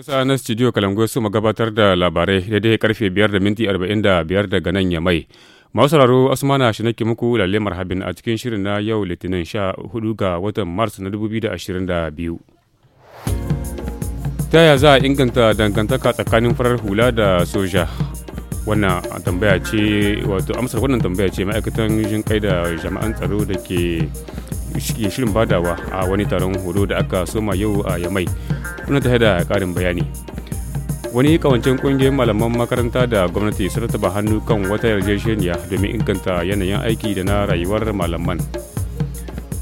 Hausa na Studio Kalangoy su gabatar da labarai daidai karfe 5 da minti 45 daga nan ya mai. Masu sauraro Asmana shi nake muku lalle marhabin a cikin shirin na yau Litinin 14 ga watan Mars na 2022. Ta yaya za a inganta dangantaka tsakanin farar hula da soja? Wannan tambaya ce wato amsar wannan tambaya ce ma'aikatan jin kai da jami'an tsaro da ke shirin badawa a wani taron horo da aka soma yau a Yamai. muna tafiya da ƙarin bayani wani kawancin kungiyar malaman makaranta da gwamnati sun rataba hannu kan wata yarjejeniya domin inganta yanayin aiki da na rayuwar malaman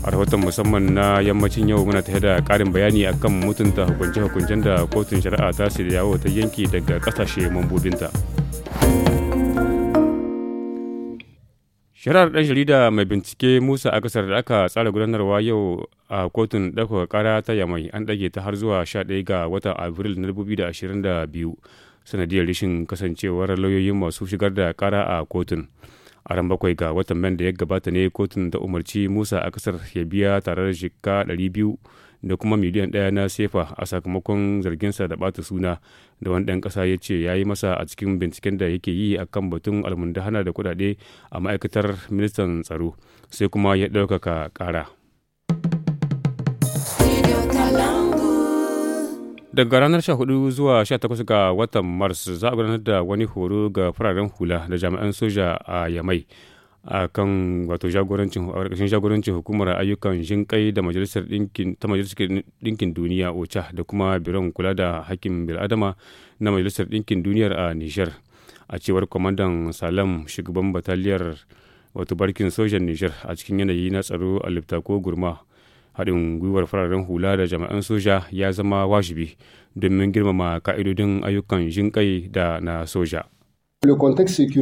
a rahoton musamman na yammacin yau muna tare da karin bayani akan mutunta hukunce-hukuncen da kotun shari'a ta yawo ta yanki daga kasashe mambobinta shari'ar ɗan jarida mai bincike musa akasar da aka tsara gudanarwa yau a kotun ɗaukaka ƙara ta yamai an ɗage ta har zuwa 11 ga watan abril na 2022 sanadiyar rashin kasancewar lauyoyin masu shigar da ƙara a kotun a ran bakwai ga watan man da ya gabata ne kotun ta umarci musa a kasar ya biya tare da shika 200 da kuma miliyan ɗaya na sefa a sakamakon zarginsa da bata suna da wani ɗan ƙasa ya ce ya yi masa a cikin binciken da yake yi a kan batun almundahana da kuɗaɗe a ma'aikatar ministan tsaro sai kuma ya ɗaukaka ƙara daga ranar 14 zuwa 18 ga watan mars za a gudanar da wani horo ga fararen hula da jami'an soja a yamai a kan wato jagorancin hukumar ayyukan jinƙai da majalisar ɗinkin duniya ocha da kuma biron kula da hakkin bil'adama na majalisar ɗinkin duniyar a niger a cewar kwamandan salam shugaban bataliyar wato barkin sojan niger a cikin yanayi na tsaro a liptako gurma haɗin gwiwar fararen hula da jami'an soja ya zama wajibi domin girmama ka'idodin ayyukan jinƙai da na soja.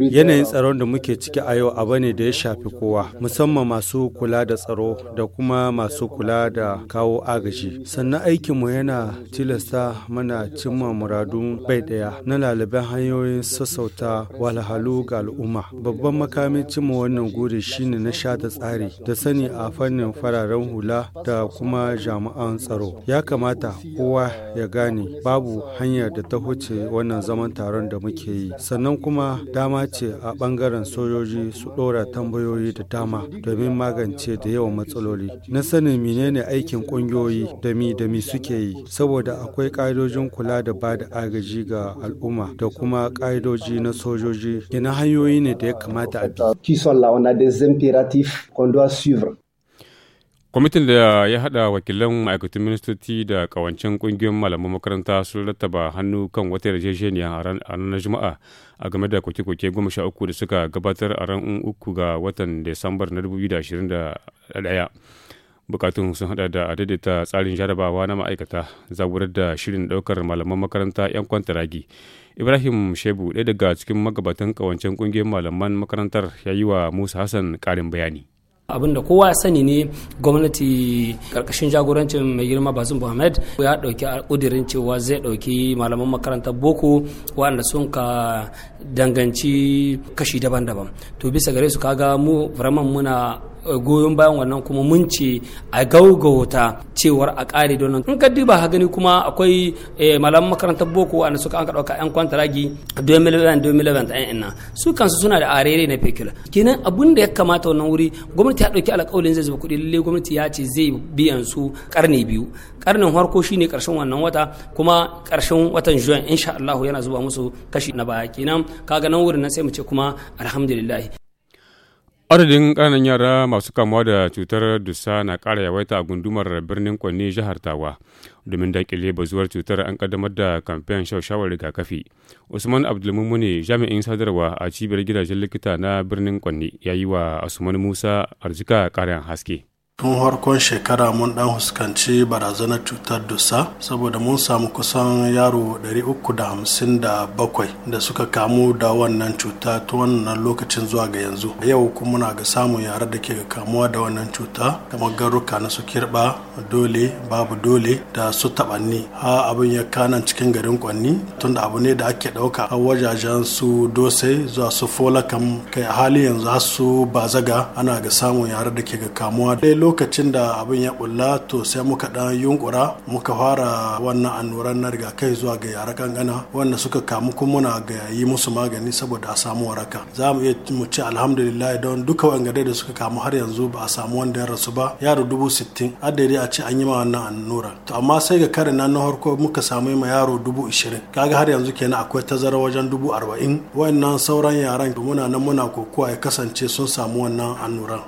Yanayin tsaron da muke ciki a yau abu ne da ya shafi kowa, musamman masu kula da tsaro da kuma masu kula da kawo agaji. Sannan aikinmu yana tilasta mana cimma muradun bai ɗaya na laliban hanyoyin sassauta walhalu ga al'umma. Babban makamin cimma wannan guri shine na sha da tsari da sani a fannin fararen hula da kuma jami'an tsaro. Ya kamata kowa ya gane babu hanyar da ta huce wannan zaman taron da muke yi. Sannan kuma dama ce a ɓangaren sojoji su ɗora tambayoyi da dama domin magance da yawan matsaloli. Na sanin menene aikin ƙungiyoyi da mi da mi suke yi, saboda akwai ƙa'idojin kula da ba da agaji ga al'umma da kuma ƙa'idoji na sojoji. Gina hanyoyi ne da ya kamata a bi. kwamitin da ya haɗa wakilan ma'aikatan ministoci da ƙawancen ƙungiyoyin malaman makaranta sun rattaba hannu kan wata yarjejeniya a ranar juma'a a game da koke-koke goma sha uku da suka gabatar a ran uku ga watan desambar na 2021 bukatun sun hada da daidaita tsarin jarabawa na ma'aikata zaburar da shirin ɗaukar malaman makaranta 'yan kwantaragi ibrahim shebu ɗaya daga cikin magabatan ƙawancen ƙungiyoyin malaman makarantar ya yi wa musa hassan ƙarin bayani abin da kowa sani ne gwamnati karkashin jagorancin mai girma bazin muhammad ya dauki kudirin cewa zai dauki malaman makarantar boko waɗanda sun ka danganci kashi daban-daban to bisa gare su kaga mu muna goyon bayan wannan kuma mun ce a gaugauta cewar a ƙare don in ka duba ha gani kuma akwai eh, malam makarantar boko wanda suka an ka ɗauka yan kwantaragi 2011 2011 ɗan nan su kansu suna da arere na fekila kenan abun da ya kamata wannan wuri gwamnati ya ɗauki alƙawarin zai zuba kuɗi lalle gwamnati ya ce zai biyan su karni biyu ƙarnin farko shine karshen wannan wata kuma karshen watan juwan insha Allah yana zuba musu kashi na baya kenan kaga nan wurin nan sai mu ce kuma alhamdulillah Adadin ƙananan yara masu kamuwa da cutar dusa na ƙara yawaita a gundumar birnin kwanne jihar Tawa. Domin daƙile bazuwar cutar an ƙaddamar da kamfen shawarar rigakafi. Usman ne jami'in sadarwa a cibiyar gidajen likita na birnin kwanne ya yi wa Usman Musa arzika ƙarin haske. tun harkon shekara mun dan huskanci barazanar cutar dusa saboda mun samu kusan yaro 357 da suka kamu da wannan cuta tun wannan lokacin zuwa ga yanzu yau kuma muna ga samun yara da ke kamuwa da wannan cuta kamar garuka na su kirba dole babu dole da su tabanni ha abin ya kanan cikin garin kwanni tunda abu ne da ake dauka a wajajen su dosai zuwa su folakam kai hali yanzu har su bazaga ana ga samun yara da ke kamuwa da lokacin da abin ya bulla to sai muka dan yunkura muka fara wannan annoran na rigakai zuwa ga yara kankana wanda suka kamu kuma muna ga yi musu magani saboda a samu waraka za mu iya mu ce alhamdulillah don duka wangare da suka kamu har yanzu ba a samu wanda ya rasu ba yaro dubu sittin adadi a ce an yi ma wannan annora to amma sai ga karin nan na farko muka samu ma yaro dubu ishirin kaga har yanzu kenan akwai tazara wajen dubu arba'in wayannan sauran yaran muna nan muna kokowa ya kasance sun samu wannan annuran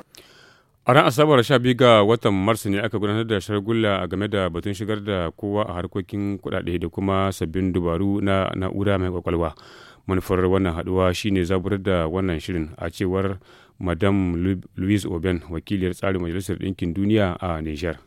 A ran Asabar 12 ga watan Mars ne aka gudanar da shargulla a game da batun shigar da kowa a harkokin kuɗaɗe da kuma sabbin dubaru na na'ura mai kwakwalwa. Manufar wannan haduwa shine zaburar da wannan shirin a cewar Madam Louise Oben, wakiliyar tsarin Majalisar Ɗinkin Duniya a niger.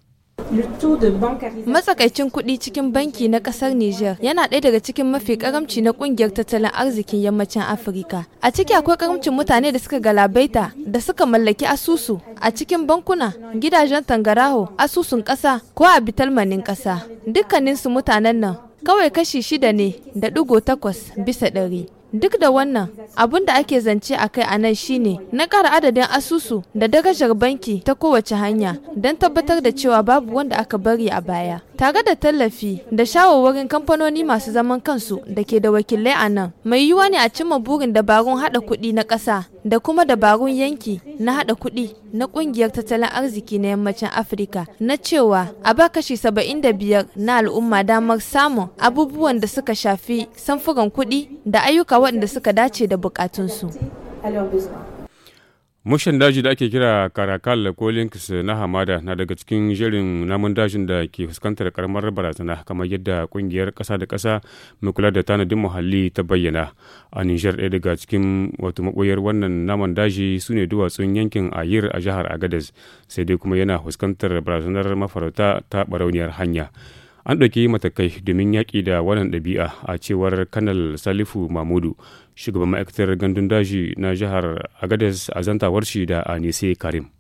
Matsakaicin kuɗi cikin banki na ƙasar Nijar yana ɗaya daga cikin mafi ƙaramci na ƙungiyar tattalin arzikin yammacin Afirka. A ciki akwai karamcin mutane da suka galabaita da suka mallaki asusu a cikin bankuna, gidajen tangaraho, asusun ƙasa ko a bitalmanin ƙasa. Dukkaninsu mutanen nan kawai kashi shida ne da ɗigo takwas bisa ɗari. duk da wannan abin da ake zance a kai a nan shine na ƙara adadin asusu da darajar banki ta kowace hanya don tabbatar da cewa babu wanda aka bari a baya Tare da tallafi da shawarwarin kamfanoni masu zaman kansu da ke da wakilai a nan, mai yiwuwa ne a cimma burin dabarun hada kuɗi na ƙasa da kuma dabarun yanki na hada kuɗi na ƙungiyar tattalin arziki na yammacin Afirka na cewa a ba kashi 75 na al'umma damar samun abubuwan da suka shafi samfuran kuɗi da ayyuka waɗanda suka dace da bukatunsu. Mushen daji da ake kira Karakal ko Lynx na hamada na daga cikin jerin namun dajin da ke fuskantar karamar barazana kamar yadda kungiyar kasa da kasa mai kula da tanadin muhalli ta bayyana. A Nijar ɗaya daga cikin wato maɓoyar wannan naman daji su ne duwatsun yankin Ayir a jihar Agadez sai dai kuma yana fuskantar barazanar mafarauta ta barauniyar hanya. An ɗauki matakai domin yaƙi da wannan ɗabi'a a cewar Kanal Salifu Mamudu shugaban ma'aikatar gandun daji na jihar agadez a zantawar shi da anise karim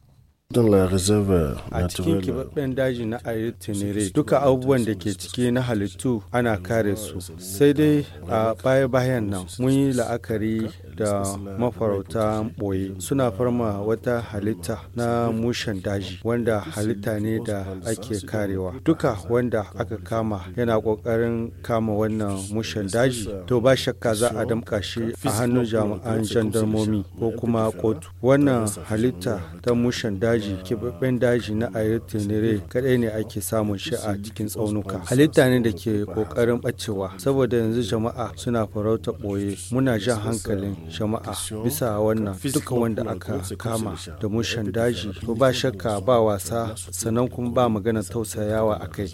a cikin kibabben daji na ayyutanere duka abubuwan da ke ciki na halittu ana kare su sai dai a baya bayan nan mun yi la'akari da mafarauta ɓoye suna farma wata halitta na mushen daji wanda halitta ne da ake karewa duka wanda aka kama yana ƙoƙarin kama wannan mushen daji to ba shakka za a damƙa shi a hannun jami'an jandarmomi ko kuma kotu wannan halitta ta mushen daji keɓaɓɓen daji na ayyutanire kadai ne ake samun shi a cikin tsaunuka halitta ne da ke ƙoƙarin ɓacewa saboda yanzu jama'a suna farauta ɓoye muna jan hankalin jama'a bisa wannan duk wanda aka kama da mushan daji to ba shakka ba wasa sannan kuma ba magana tausayawa a kai.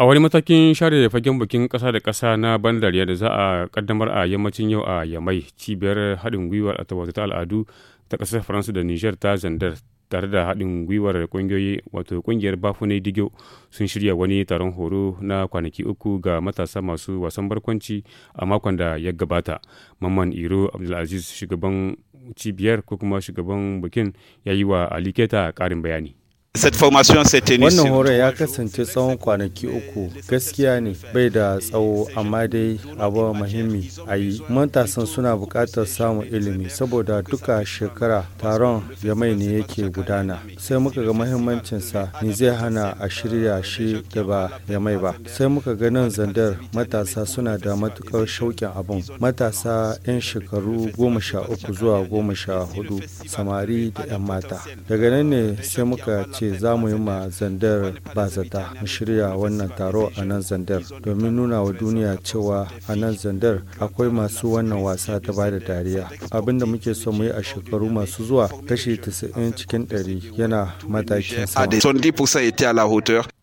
a wani matakin share da fagen bikin kasa da kasa na bandar da za a kaddamar a yammacin yau a yamai cibiyar haɗin gwiwar a ta al'adu ta ƙasar faransa da niger ta zandar tare da haɗin gwiwar ƙungiyoyi wato ƙungiyar bafune digyo sun shirya wani taron horo na kwanaki uku ga matasa masu wasan barkwanci a makon da ya gabata mamman iro abdulaziz shugaban cibiyar ko kuma shugaban bikin ya yi wa aliketa ƙarin bayani Wannan horon ya kasance tsawon kwanaki uku gaskiya ne bai da tsawo amma dai abu mahimmi a yi. Matasan suna bukatar samun ilimi saboda duka shekara taron yamai ne yake gudana. Sai muka ga mahimmancinsa ni zai hana a shirya shi da ba mai ba. Sai muka ga nan zandar matasa suna da matukar shauƙin abin. Matasa 'yan shekaru goma sha uku zuwa goma sha hudu samari da 'yan mata. Daga nan ne sai muka ce za mu yi ma zandar bazata mu shirya wannan taro a nan zandar domin nuna wa duniya cewa a nan zandar akwai masu wannan wasa ta bada dariya abin da muke so mu yi a shekaru masu zuwa kashi 90 cikin 100 yana matakin sama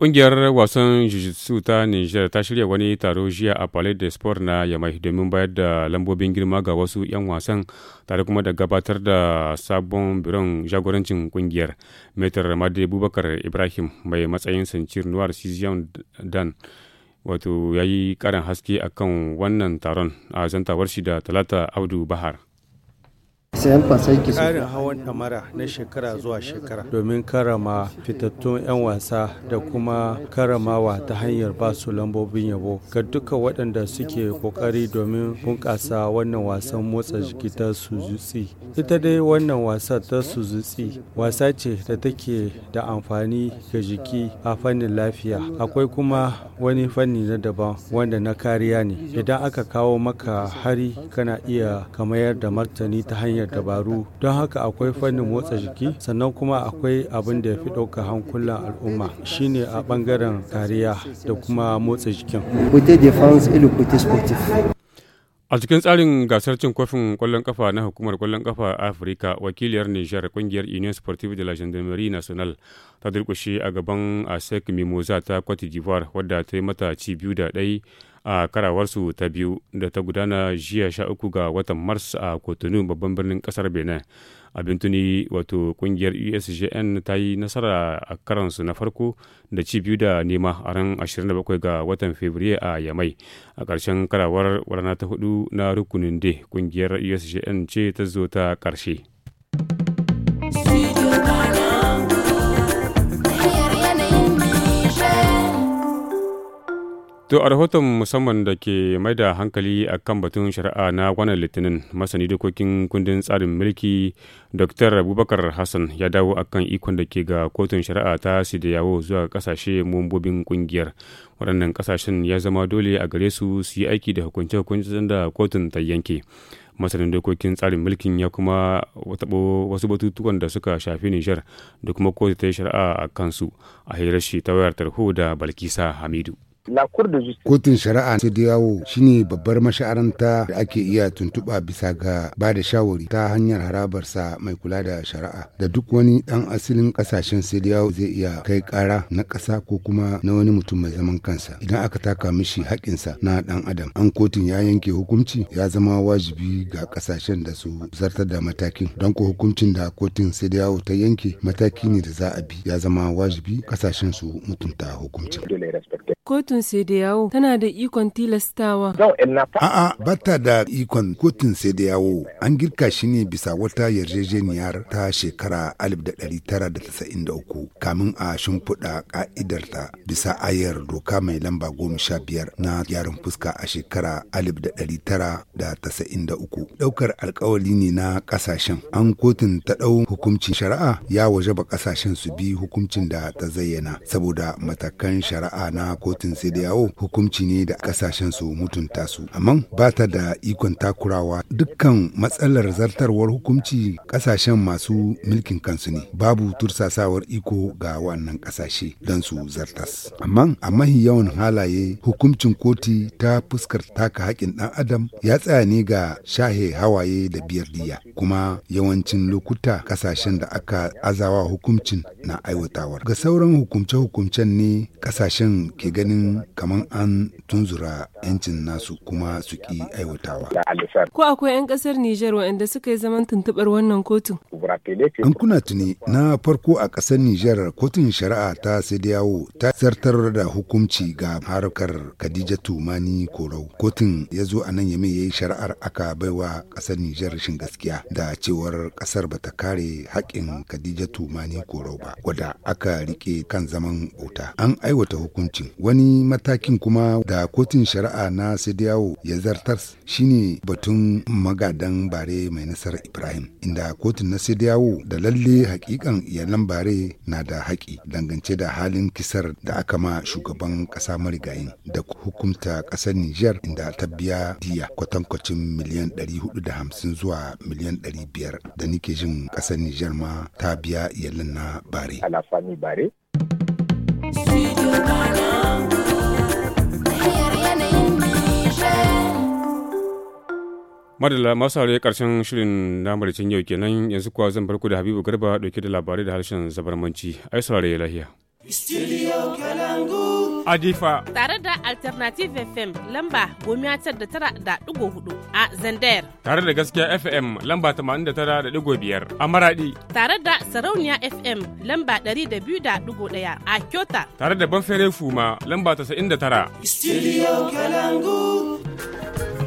Ƙungiyar wasan jiu ta Nijar ta shirya wani taro jiya a Palais de Sport na Yamai domin bayar da lambobin girma ga wasu 'yan wasan tare kuma da gabatar da sabon biron jagorancin ƙungiyar. Metar Ramade Abubakar Ibrahim mai matsayin Sancir Noir Sizion Dan wato ya yi ƙarin haske akan wannan taron a zantawar shi da Talata Audu Bahar. Karin hawan tamara na shekara zuwa shekara domin karama fitattun 'yan wasa da kuma karamawa ta hanyar ba su lambobin yabo ga duka waɗanda suke ƙoƙari domin bunƙasa wannan wasan motsa jiki ta Suzuki. Ita dai wannan wasa ta Suzuki wasa ce da take da amfani ga jiki a fannin lafiya. Akwai kuma wani fanni na daban wanda na kariya ne. Idan aka kawo maka hari kana iya kamayar da martani ta hanyar dabaru don haka akwai fannin motsa jiki sannan kuma akwai abin da ya fi ɗauka hankulan al'umma shine a ɓangaren kariya da kuma motsa jikin a cikin tsarin gasar cin kofin kwallon kafa na hukumar kwallon kafa a afirka wakiliyar nijar kungiyar union sportive de la gendarmerie nationale ta durkushe a gaban asec mimosa ta cote d'ivoire wadda ta yi mata ci biyu da ɗai a karawarsu ta biyu da ta gudana jiya sha uku ga watan mars a kotunu babban birnin kasar benin abin tuni wato kungiyar usgn ta yi nasara a karansu na farko da ci biyu da nema a ran 27 ga watan fabriye a yamai a ƙarshen karawar rana ta hudu na rukunin de kungiyar usgn ce ta zo ta ƙarshe To a rahoton musamman da ke mai da hankali a kan batun shari'a na wannan litinin masani dokokin kundin tsarin mulki Dr. Abubakar Hassan ya dawo akan ikon da ke ga kotun shari'a ta Sidiyawo zuwa kasashe mumbobin kungiyar. Waɗannan kasashen ya zama dole a gare su su yi aiki da hukunce hukuncin da kotun ta yanke. Masanin dokokin tsarin mulkin ya kuma taɓo wasu batutuwan da suka shafi Nijar da kuma kotu ta yi shari'a a kansu a hirar shi ta wayar tarho da Balkisa Hamidu. Kotun shari'a ta Diyawo shine babbar mashaaranta da ake iya tuntuɓa bisa ga ba da shawari ta hanyar harabarsa mai kula da shari'a da duk wani ɗan asalin ƙasashen Diyawo zai iya kai kara na ƙasa ko kuma na wani mutum mai zaman kansa idan aka taka mishi hakinsa na ɗan adam. An kotun ya yanke hukunci ya zama wajibi ga ƙasashen da su zartar da matakin don ko hukuncin da kotun Diyawo ta yanke mataki ne da za a bi ya zama wajibi kasashen su mutunta hukuncin. kotun yawo tana da ikon tilastawa. A'a bata da ikon kotun yawo an girka shi ne bisa wata yarjejeniyar ta shekara 1993 kamin a shimfiɗa ka'idarta bisa ayar doka mai lamba goma sha biyar na gyaran fuska a shekara 1993. Ɗaukar alkawali ne na ƙasashen an kotun ta ɗau hukuncin shari'a ya waje ba ƙasashen su bi hukuncin da ta zayyana saboda matakan shari'a na kotun sai da yawo hukunci ne da kasashen su mutunta su amma ba ta da ikon takurawa dukkan matsalar zartarwar hukunci kasashen masu mulkin kansu ne babu tursasawar iko ga wannan kasashe don su zartas amma a mahi yawan halaye hukuncin koti ta fuskar taka haƙin ɗan adam ya tsaya ne ga shahe hawaye da biyar diya kuma yawancin lokuta kasashen da aka azawa hukuncin na aiwatawar ga sauran hukumce-hukumcen ne kasashen ke gani ganin kamar an tunzura 'yancin nasu kuma su ki aiwatawa. Ko akwai 'yan ƙasar Nijar waɗanda suka yi zaman tuntuɓar wannan kotun? An kuna tuni na farko a ƙasar Nijar kotun shari'a ta Sadiyawo ta zartar da hukunci ga harkar khadija-tumani Korau. Kotun ya zo a nan ya yayi shari'ar aka baiwa ƙasar Nijar shin gaskiya da cewar ƙasar ba ta kare haƙƙin khadija-tumani Korau ba. Wada aka rike kan zaman bauta. An aiwata hukuncin wani wani matakin kuma da kotun shari'a na sadiyawo ya zartar shine batun magadan bare mai nasarar ibrahim inda kotun na sadiyawo da lalle hakikan iyalan bare na da haƙi dangance da halin kisar da aka ma shugaban ƙasa marigayin da hukumta ƙasar niger inda ta biya diya kwatankwacin miliyan 450 zuwa miliyan 500 da nike jin ƙasar niger ma ta biya iyalan na bare. Studio Ghana. madalla masu haure karshen shirin na maricin yau kenan yanzu kuwa zan barku da habibu garba dauke da labarai da harshen zabarmanci ai saurare lahiya Studio Kalangu. Adifa. Tare da Alternative FM lamba gomiya tar da tara da ɗigo hudu a Zandayar. Tare da gaskiya FM lamba tamanin da tara da ɗigo biyar a Maradi. Tare da Sarauniya FM lamba ɗari da biyu da ɗigo ɗaya a Kyota. Tare da Banfere Fuma lamba tasa'in da tara. Studio Kalangu.